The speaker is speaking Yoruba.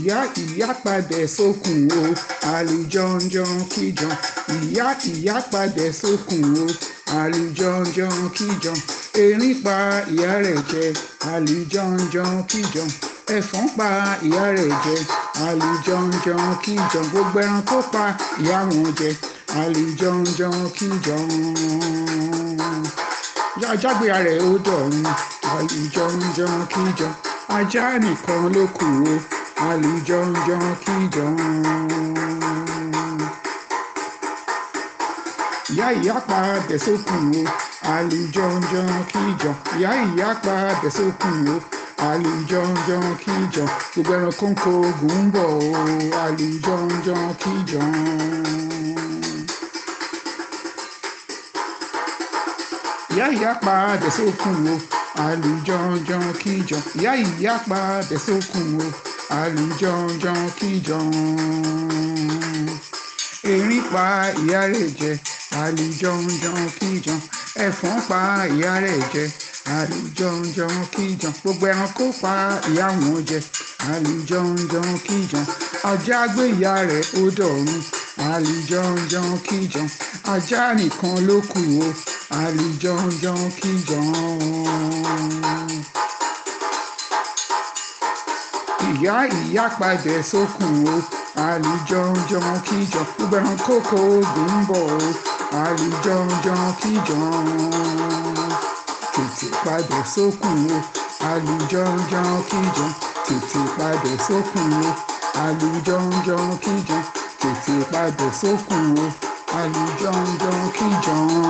ìyá ìyá padà sókun o àlùjọ̀njọ̀n kíjọ̀n ìyá ìyá padà sókun o àlùjọ̀njọ̀n kíjọ̀n erin pa ìyá rẹ̀ jẹ àlùjọ̀njọ̀n kíjọ̀n ẹ̀fọn pa ìyá rẹ̀ jẹ àlùjọ̀njọ̀n kíjọ̀n gbogbo ẹran tó pa ìyá wọn jẹ àlùjọ̀njọ̀n kíjọ̀n ajágbéra rẹ̀ ó dọ̀run àlùjọ̀njọ̀n kíjọ̀n ajá nìkan ló kù o. Ali John John àlùjọ̀njọ̀n kíjọ̀n. ìyá ìyá padà sókun John àlùjọ̀njọ̀n kíjọ̀n ìyá ìyá padà sókun o àlùjọ̀njọ̀n John gbogbo ẹranko ń kó oògùn ń bọ̀ o àlùjọ̀njọ̀n kíjọ̀n. ìyá ìyá padà sókun o àlùjọ̀njọ̀n John ìyá ìyá padà sókun o àlùjọ̀njọ̀n kíjọ̀n erin pa ìyá rẹ̀ jẹ àlùjọ̀njọ̀n kíjọ̀n ẹ̀fọn pa ìyá rẹ̀ jẹ àlùjọ̀njọ̀n kíjọ̀n gbogbo ẹranko pa ìyá wọn jẹ àlùjọ̀njọ̀n kíjọ̀n ajá gbé ìyá rẹ̀ ó dọ̀run àlùjọ̀njọ̀n kíjọ̀n ajá nìkan ló kù o àlùjọ̀njọ̀n kíjọ̀n ìyá ìyá padà sókun o àlùjọ̀njọ̀n kíjọ̀n gbogbo ẹran kókó oògùn ń bọ̀ o àlùjọ̀njọ̀n kíjọ̀n tètè padà sókun o àlùjọ̀njọ̀n kíjọ̀n tètè padà sókun o àlùjọ̀njọ̀n kíjọ̀n tètè padà sókun o àlùjọ̀njọ̀n kíjọ̀n.